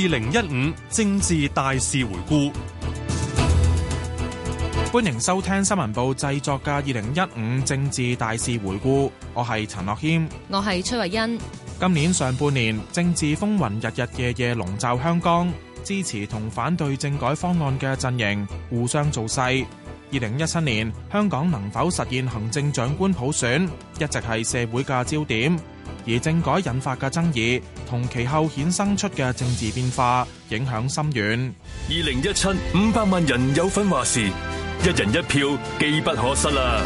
二零一五政治大事回顧，歡迎收聽新聞部製作嘅《二零一五政治大事回顧》，我係陳樂謙，我係崔慧欣。今年上半年政治風雲日日夜夜籠罩香港，支持同反對政改方案嘅陣營互相造勢。二零一七年，香港能否實現行政長官普選，一直係社會嘅焦點。而政改引發嘅爭議，同其後衍生出嘅政治變化，影響深遠。二零一七，五百萬人有份話事，一人一票，機不可失啦！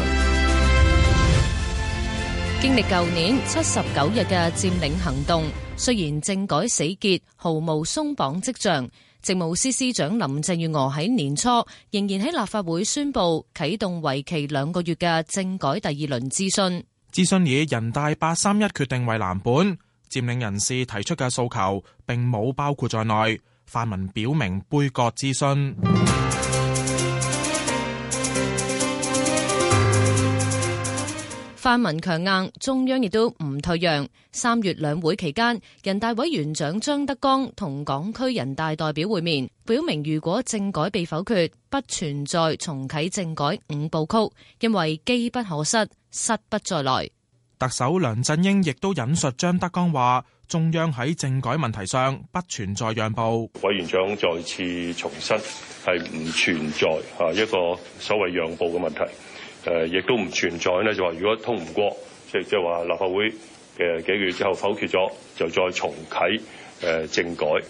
經歷舊年七十九日嘅佔領行動，雖然政改死結，毫無鬆綁迹象。政務司司長林鄭月娥喺年初仍然喺立法會宣佈啟動為期兩個月嘅政改第二輪諮詢，諮詢以人大八三一決定為藍本，佔領人士提出嘅訴求並冇包括在內，泛民表明杯葛諮詢。泛民強硬，中央亦都唔退讓。三月兩會期間，人大委員長張德江同港區人大代表會面，表明如果政改被否決，不存在重啟政改五步曲，因為機不可失，失不再來。特首梁振英亦都引述張德江話，中央喺政改問題上不存在讓步。委員長再次重申，係唔存在啊一個所謂讓步嘅問題。誒，亦都唔存在呢，就話如果通唔過，即即係話立法會嘅幾個月之後否決咗，就再重啟誒、呃、政改誒、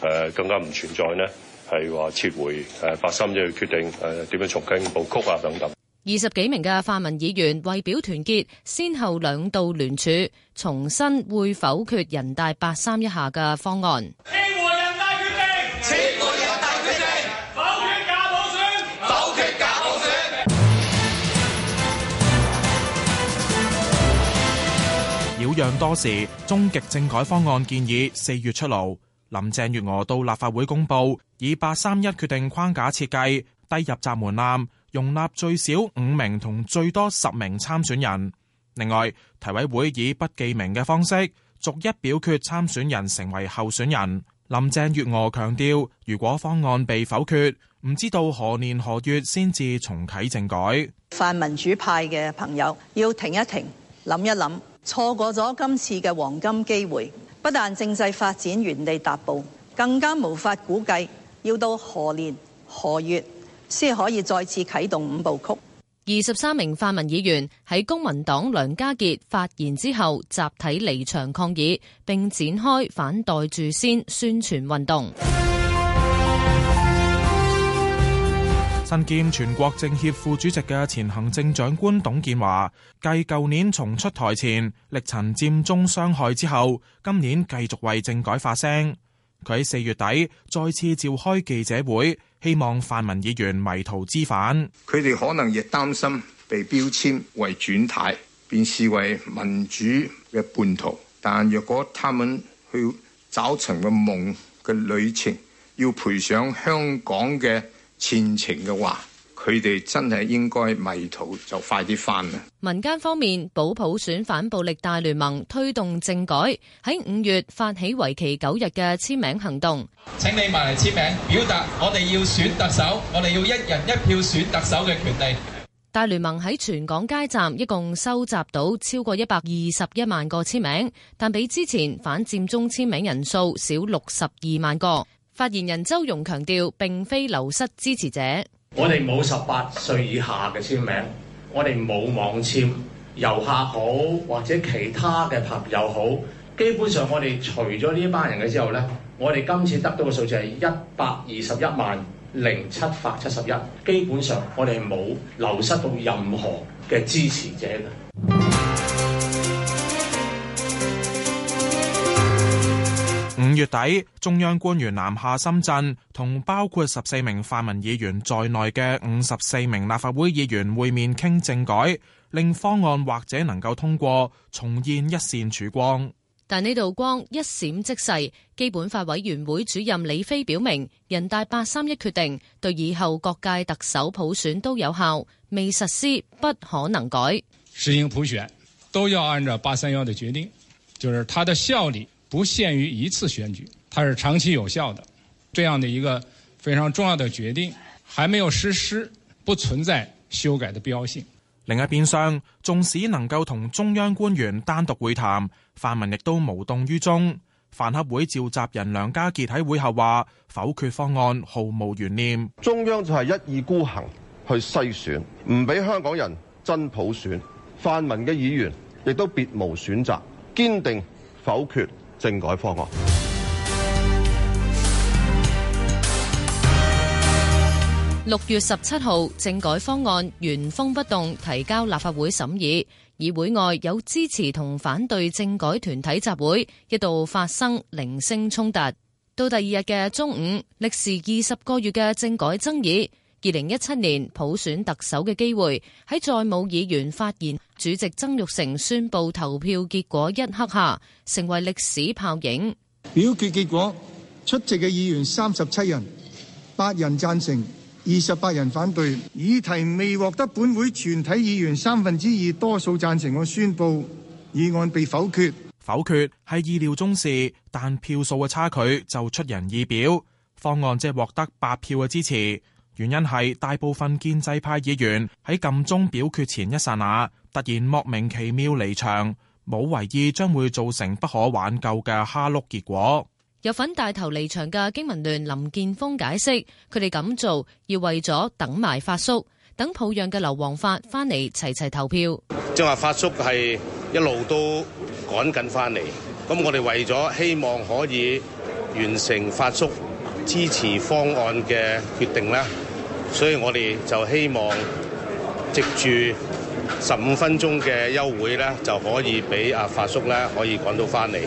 呃，更加唔存在呢，係話撤回誒、呃、八三一嘅決定誒，點、呃、樣重啟步曲啊等等。二十幾名嘅泛民議員為表團結，先後兩度聯署重申會否決人大八三一下嘅方案。咁樣多時，終極政改方案建議四月出爐。林鄭月娥到立法會公布，以八三一決定框架設計低入閘門檻，容納最少五名同最多十名參選人。另外，提委會以不記名嘅方式逐一表決參選人成為候選人。林鄭月娥強調，如果方案被否決，唔知道何年何月先至重啟政改。泛民主派嘅朋友要停一停，諗一諗。錯過咗今次嘅黃金機會，不但政制發展原地踏步，更加無法估計要到何年何月先可以再次啟動五部曲。二十三名泛民議員喺公民黨梁家傑發言之後，集體離場抗議，並展開反袋住先宣傳運動。見全國政協副主席嘅前行政長官董建華，繼舊年重出台前力陳佔中傷害之後，今年繼續為政改發聲。佢喺四月底再次召開記者會，希望泛民議員迷途知返。佢哋可能亦擔心被標籤為轉態，便視為民主嘅叛徒。但若果他們去找尋個夢嘅旅程，要賠上香港嘅前程嘅話，佢哋真係應該迷途就快啲翻啦。民間方面，保普選反暴力大聯盟推動政改，喺五月發起為期九日嘅簽名行動，請你埋嚟簽名，表達我哋要選特首，我哋要一人一票選特首嘅權利。大聯盟喺全港街站一共收集到超過一百二十一萬個簽名，但比之前反佔中簽名人數少六十二萬個。發言人周融強調，並非流失支持者。我哋冇十八歲以下嘅簽名，我哋冇網簽，遊客好或者其他嘅朋友好，基本上我哋除咗呢班人嘅之後呢，我哋今次得到嘅數字係一百二十一萬零七百七十一，基本上我哋冇流失到任何嘅支持者嘅。五月底，中央官員南下深圳，同包括十四名泛民議員在內嘅五十四名立法會議員會面傾政改，令方案或者能夠通過，重現一線曙光。但呢道光一閃即逝，基本法委員會主任李飛表明，人大八三一決定對以後各屆特首普選都有效，未實施不可能改。實行普選都要按照八三一的決定，就是它的效力。不限於一次選舉，它是長期有效的，這樣的一個非常重要的決定還沒有實施，不存在修改的必要性。另一邊廂，縱使能夠同中央官員單獨會談，泛民亦都無動於衷。飯盒會召集人梁家傑喺會後話：否決方案毫無懸念，中央就係一意孤行去篩選，唔俾香港人真普選，泛民嘅議員亦都別無選擇，堅定否決。政改方案六月十七號，政改方案原封不動提交立法會審議，議會外有支持同反對政改團體集會，一度發生零星衝突。到第二日嘅中午，歷時二十個月嘅政改爭議。二零一七年普選特首嘅機會喺再冇議員發言，主席曾鈺成宣布投票結果一刻下，成為歷史泡影。表決結果，出席嘅議員三十七人，八人贊成，二十八人反對。議題未獲得本會全體議員三分之二多數贊成，我宣布議案被否決。否決係意料中事，但票數嘅差距就出人意表。方案只係獲得八票嘅支持。原因係大部分建制派議員喺禁中表決前一剎那突然莫名其妙離場，冇為意將會造成不可挽救嘅蝦碌結果。有份帶頭離場嘅經文聯林健鋒解釋，佢哋咁做要為咗等埋發叔，等抱養嘅劉皇發翻嚟齊齊投票。即係話發叔係一路都趕緊翻嚟，咁我哋為咗希望可以完成發叔支持方案嘅決定咧。所以我哋就希望藉住十五分鐘嘅休會，咧，就可以俾阿發叔咧可以趕到翻嚟。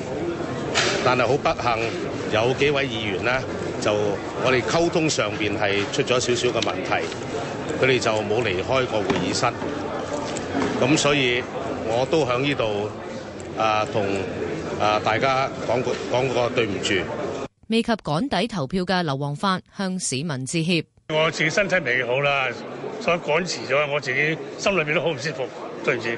但係好不幸，有幾位議員呢，就我哋溝通上面係出咗少少嘅問題，佢哋就冇離開過會議室。咁所以我都喺呢度啊，同啊大家講講個對唔住。未及趕抵投票嘅劉皇發向市民致歉。我自己身體未好啦，所以趕遲咗，我自己心裏面都好唔舒服，對唔住。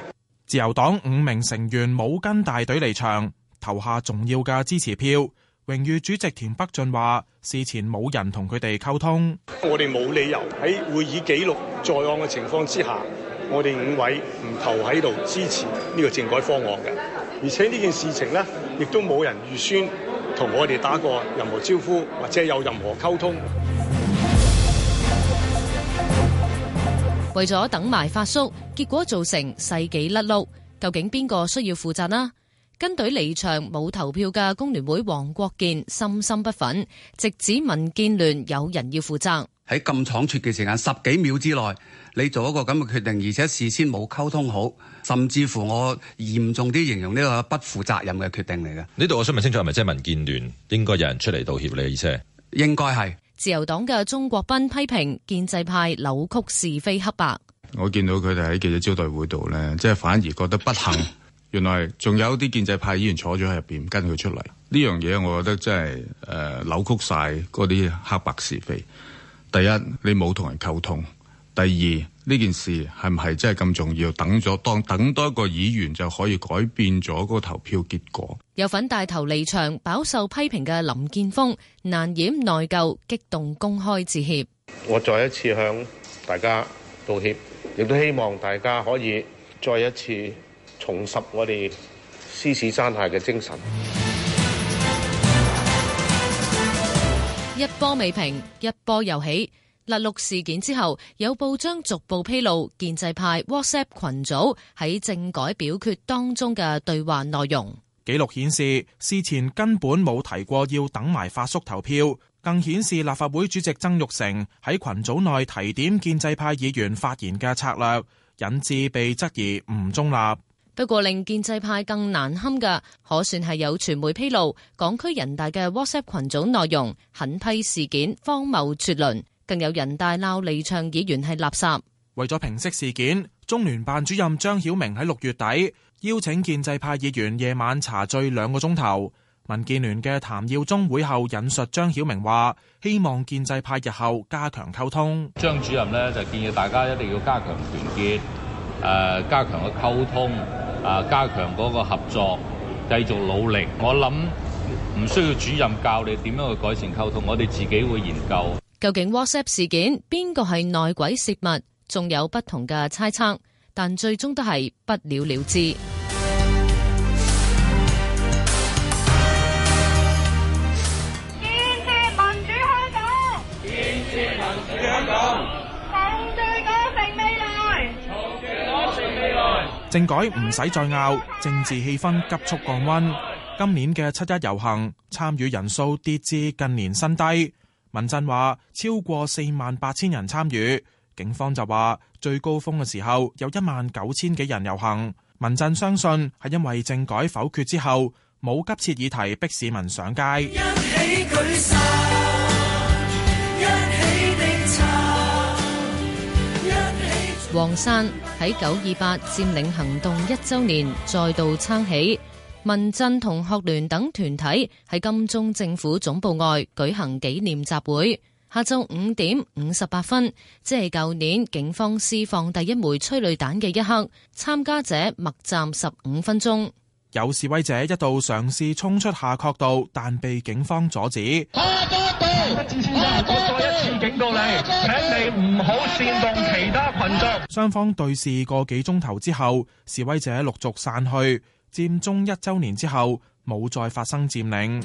自由黨五名成員冇跟大隊離場，投下重要嘅支持票。榮譽主席田北俊話：事前冇人同佢哋溝通，我哋冇理由喺會議記錄在案嘅情況之下，我哋五位唔投喺度支持呢個政改方案嘅。而且呢件事情呢，亦都冇人預先同我哋打過任何招呼，或者有任何溝通。為咗等埋發叔，結果造成世紀甩碌，究竟邊個需要負責啊？跟隊離場冇投票嘅工聯會黃國健心心不忿，直指民建聯有人要負責。喺咁倉促嘅時間，十幾秒之內，你做一個咁嘅決定，而且事先冇溝通好，甚至乎我嚴重啲形容呢個不負責任嘅決定嚟嘅。呢度我想問清楚，係咪即係民建聯應該有人出嚟道歉？你意思應該係。自由黨嘅鍾國斌批評建制派扭曲是非黑白，我見到佢哋喺記者招待會度咧，即係反而覺得不幸， 原來仲有啲建制派議員坐咗喺入邊跟佢出嚟，呢樣嘢我覺得真係誒、呃、扭曲晒嗰啲黑白是非。第一，你冇同人溝通。第二，呢件事係唔係真係咁重要？等咗當等多一個議員就可以改變咗嗰個投票結果。有份帶頭離場、飽受批評嘅林健鋒難掩內疚，激動公開致歉。我再一次向大家道歉，亦都希望大家可以再一次重拾我哋獅子山下嘅精神。一波未平，一波又起。甩轆事件之後，有報章逐步披露建制派 WhatsApp 群組喺政改表決當中嘅對話內容。記錄顯示，事前根本冇提過要等埋發叔投票，更顯示立法會主席曾鈺成喺群組內提點建制派議員發言嘅策略，引致被質疑唔中立。不過，令建制派更難堪嘅，可算係有傳媒披露港區人大嘅 WhatsApp 群組內容，狠批事件荒謬絕倫。更有人大鬧離場，議員係垃圾。為咗平息事件，中聯辦主任張曉明喺六月底邀請建制派議員夜晚茶敘兩個鐘頭。民建聯嘅譚耀宗會後引述張曉明話，希望建制派日後加強溝通。張主任呢就建議大家一定要加強團結，誒、呃，加強嘅溝通，啊、呃，加強嗰個合作，繼續努力。我諗唔需要主任教你點樣去改善溝通，我哋自己會研究。究竟 WhatsApp 事件邊個係內鬼洩密，仲有不同嘅猜測，但最終都係不了了之。建設民主香港，建設民主香港，共建光明未來，共建光明未來。未來政改唔使再拗，政治氣氛急速降溫。今年嘅七一遊行，參與人數跌至近年新低。民陣話超過四萬八千人參與，警方就話最高峰嘅時候有一萬九千幾人遊行。民陣相信係因為政改否決之後冇急切議題逼市民上街。黃傘喺九二八佔領行動一周年再度撐起。民陣同學聯等團體喺金鐘政府總部外舉行紀念集會，下晝五點五十八分，即係舊年警方施放第一枚催淚彈嘅一刻，參加者默站十五分鐘。有示威者一度嘗試衝出夏愨道，但被警方阻止。我再一次警告你，請你唔好煽動其他群眾。雙方對峙個幾鐘頭之後，示威者陸續散去。佔中一周年之後，冇再發生佔領。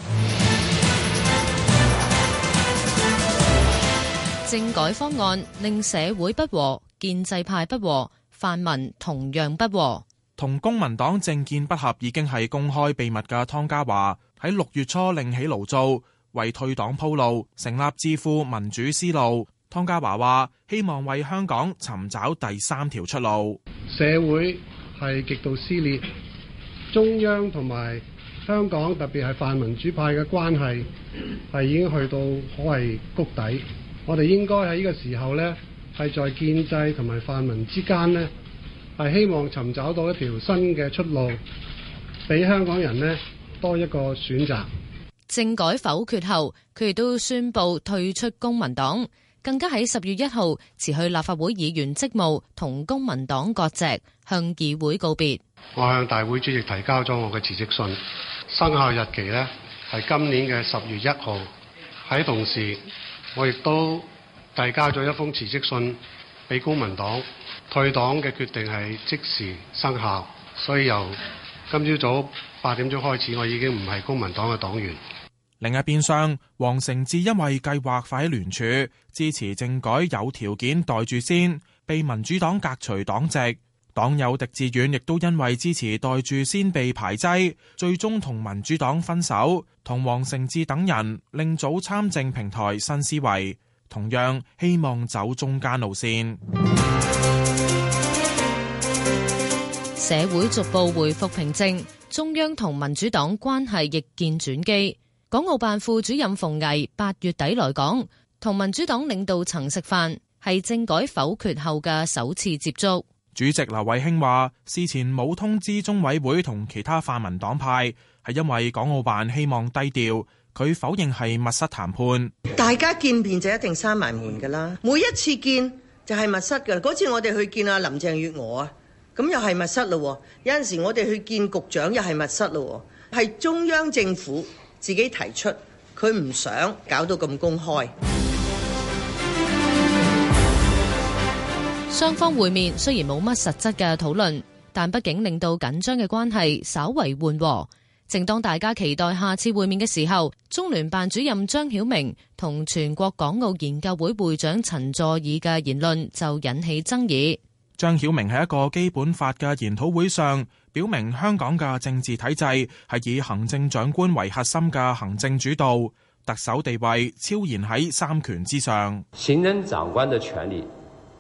政改方案令社會不和，建制派不和，泛民同樣不和。同公民黨政見不合已經係公開秘密嘅湯家驊喺六月初另起爐灶，為退黨鋪路，成立智庫民主思路。湯家驊話：希望為香港尋找第三條出路。社會係極度撕裂。中央同埋香港，特別係泛民主派嘅關係，係已經去到可謂谷底。我哋應該喺呢個時候咧，係在建制同埋泛民之間咧，係希望尋找到一條新嘅出路，俾香港人咧多一個選擇。政改否決後，佢哋都宣布退出公民黨，更加喺十月一號辭去立法會議員職務同公民黨割席，向議會告別。我向大會主席提交咗我嘅辭職信，生效日期呢係今年嘅十月一號。喺同時，我亦都遞交咗一封辭職信俾公民黨。退黨嘅決定係即時生效，所以由今朝早八點鐘開始，我已經唔係公民黨嘅黨員。另一邊廂，黃成智因為計劃快喺聯署支持政改，有條件袋住先著，被民主黨革除黨籍。黨友狄志遠亦都因為支持待住先被排擠，最終同民主黨分手，同黃成智等人另組參政平台新思維，同樣希望走中間路線。社會逐步回復平靜，中央同民主黨關係亦見轉機。港澳辦副主任馮毅八月底來港，同民主黨領導層食飯，係政改否決後嘅首次接觸。主席劉慧卿話：事前冇通知中委會同其他泛民黨派，係因為港澳辦希望低調。佢否認係密室談判，大家見面就一定閂埋門噶啦。每一次見就係密室噶。嗰次我哋去見阿林鄭月娥啊，咁又係密室咯。有陣時我哋去見局長又係密室咯。係中央政府自己提出，佢唔想搞到咁公開。雙方會面雖然冇乜實質嘅討論，但畢竟令到緊張嘅關係稍為緩和。正當大家期待下次會面嘅時候，中聯辦主任張曉明同全國港澳研究會會長陳佐洱嘅言論就引起爭議。張曉明喺一個基本法嘅研討會上，表明香港嘅政治體制係以行政長官為核心嘅行政主導，特首地位超然喺三權之上。行政長官嘅權力。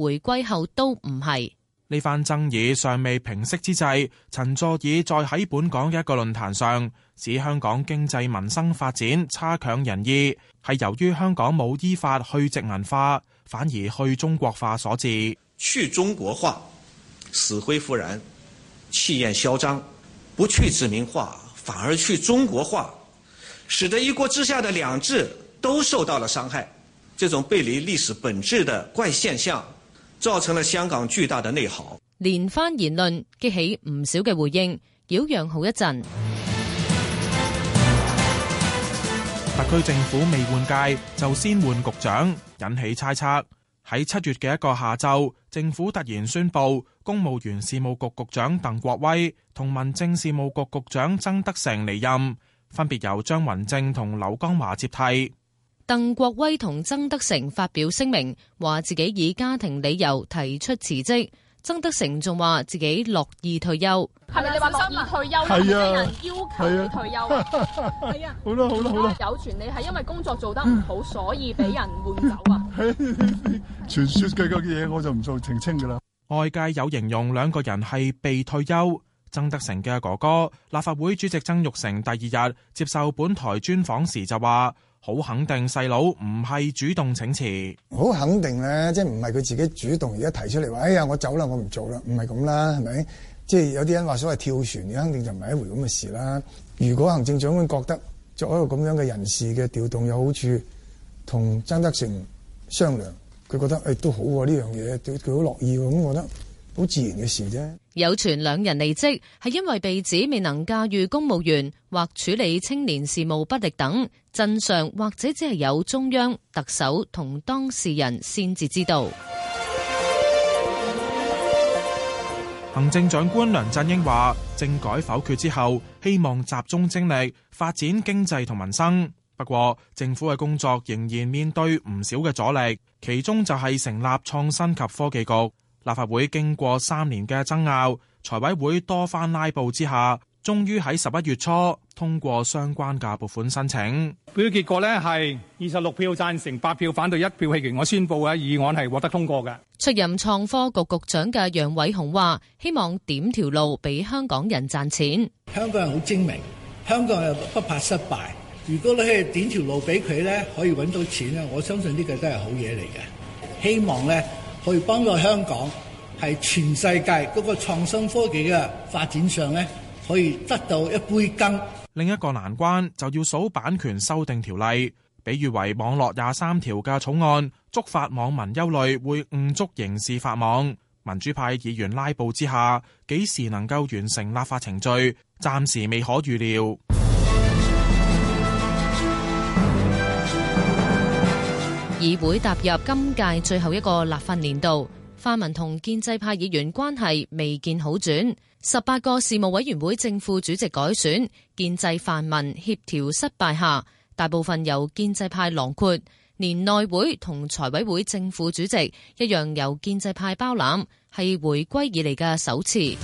回歸後都唔係。呢番爭議尚未平息之際，陳佐洱再喺本港嘅一個論壇上指香港經濟民生發展差強人意，係由於香港冇依法去殖民化，反而去中國化所致。去中國化，死灰復燃，氣焰囂張；不去殖民化，反而去中國化，使得一國之下的兩制都受到了傷害。這種背離歷史本質的怪現象。造成了香港巨大的內耗。連番言論激起唔少嘅回應，擾攘好一陣。特區政府未換屆就先換局長，引起猜測。喺七月嘅一個下晝，政府突然宣佈，公務員事務局局，局長鄧國威同民政事務局局長曾德成離任，分別由張雲正同劉江華接替。鄧國威同曾德成發表聲明，話自己以家庭理由提出辭職。曾德成仲話自己樂意退休。係咪你話樂意退休咧？係啊。有人要求退休。係啊。好啦好啦好啦。有傳你係因為工作做得唔好，所以俾人換走啊？係。傳說嘅嗰啲嘢我就唔做澄清噶啦。外界有形容兩個人係被退休。曾德成嘅哥哥、立法會主席曾鈺成第二日接受本台專訪時就話。好肯定細佬唔係主動請辭，好肯定咧，即係唔係佢自己主動而家提出嚟話，哎呀我走啦，我唔做啦，唔係咁啦，係咪？即係有啲人話所謂跳船，肯定就唔係一回咁嘅事啦。如果行政長官覺得做一個咁樣嘅人事嘅調動有好處，同曾德成商量，佢覺得誒、哎、都好呢樣嘢，佢佢好樂意咁，我覺得好自然嘅事啫。有傳兩人離職，係因為被指未能駕馭公務員或處理青年事務不力等，真相或者只係有中央特首同當事人先至知道。行政長官梁振英話：政改否決之後，希望集中精力發展經濟同民生。不過，政府嘅工作仍然面對唔少嘅阻力，其中就係成立創新及科技局。立法會經過三年嘅爭拗，財委會多番拉布之下，終於喺十一月初通過相關嘅撥款申請。表決結果呢，係二十六票贊成，八票反對，一票棄權。我宣布嘅議案係獲得通過嘅。出任創科局局長嘅楊偉雄話，希望點條路俾香港人賺錢。香港人好精明，香港人不怕失敗。如果你係點條路俾佢咧，可以搵到錢咧，我相信呢個都係好嘢嚟嘅。希望咧，可以幫助香港係全世界嗰個創新科技嘅發展上咧，可以得到一杯羹。另一個難關就要數版權修訂條例，比喻為網絡廿三條嘅草案，觸發網民憂慮會誤觸刑事法網。民主派議員拉布之下，幾時能夠完成立法程序，暫時未可預料。議會踏入今屆最後一個立法年度，泛民同建制派議員關係未見好轉。十八個事務委員會正副主席改選，建制泛民協調失敗下，大部分由建制派囊括。連內會同財委會正副主席一樣由建制派包攬，係回歸以嚟嘅首次。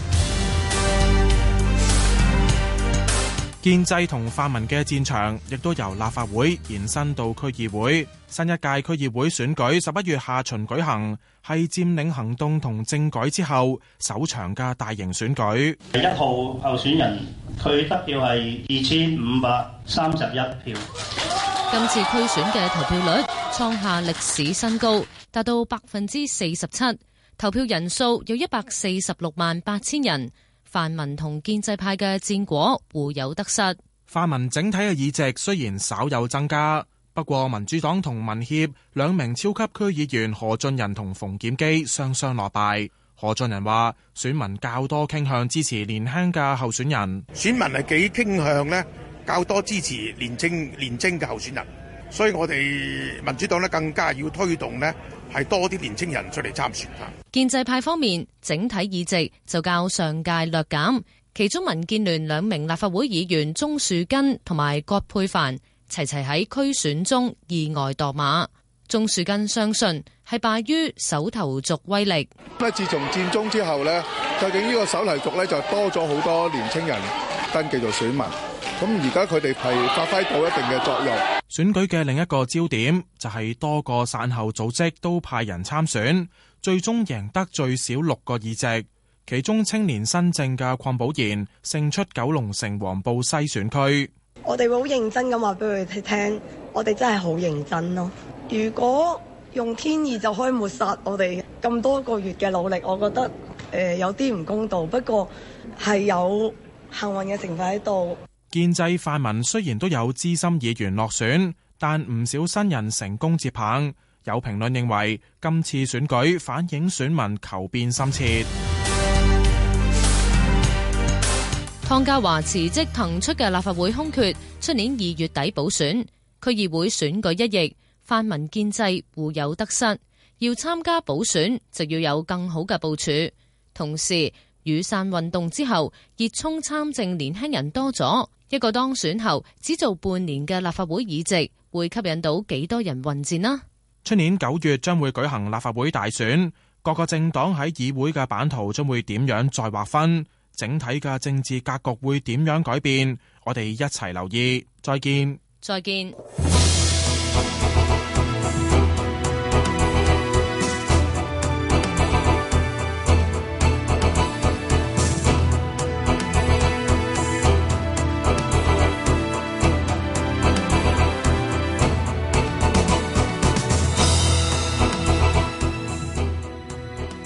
建制同泛民嘅戰場亦都由立法會延伸到區議會，新一屆區議會選舉十一月下旬舉行，係佔領行動同政改之後首場嘅大型選舉。第一號候選人佢得票係二千五百三十一票。今次區選嘅投票率創下歷史新高，達到百分之四十七，投票人數有一百四十六萬八千人。泛民同建制派嘅戰果互有得失。泛民整體嘅議席雖然稍有增加，不過民主黨同民協兩名超級區議員何俊仁同馮檢基雙雙落敗。何俊仁話：選民較多傾向支持年輕嘅候選人，選民係幾傾向呢，較多支持年輕年輕嘅候選人，所以我哋民主黨呢更加要推動呢。係多啲年青人出嚟參選嚇。建制派方面，整體議席就較上屆略減，其中民建聯兩名立法會議員鍾樹根同埋葛珮帆齊齊喺區選中意外墮馬。鍾樹根相信係敗於手頭族威力。咁自從佔中之後呢，究竟呢個手頭族咧，就多咗好多年青人。登記做選民，咁而家佢哋係發揮到一定嘅作用。選舉嘅另一個焦點就係、是、多個傘後組織都派人參選，最終贏得最少六個議席。其中青年新政嘅鄺寶賢勝出九龍城黃埔西選區。我哋會好認真咁話俾佢哋聽，我哋真係好認真咯。如果用天意就可以抹殺我哋咁多個月嘅努力，我覺得誒、呃、有啲唔公道。不過係有。幸運嘅成分喺度。建制泛民雖然都有資深議員落選，但唔少新人成功接棒。有評論認為今次選舉反映選民求變心切。湯家驊辭職騰出嘅立法會空缺，出年二月底補選。區議會選舉一役，泛民建制互有得失。要參加補選，就要有更好嘅部署。同時。雨傘運動之後，熱衷參政年輕人多咗，一個當選後只做半年嘅立法會議席，會吸引到幾多人混戰啦？出年九月將會舉行立法會大選，各個政黨喺議會嘅版圖將會點樣再劃分？整體嘅政治格局會點樣改變？我哋一齊留意。再見，再見。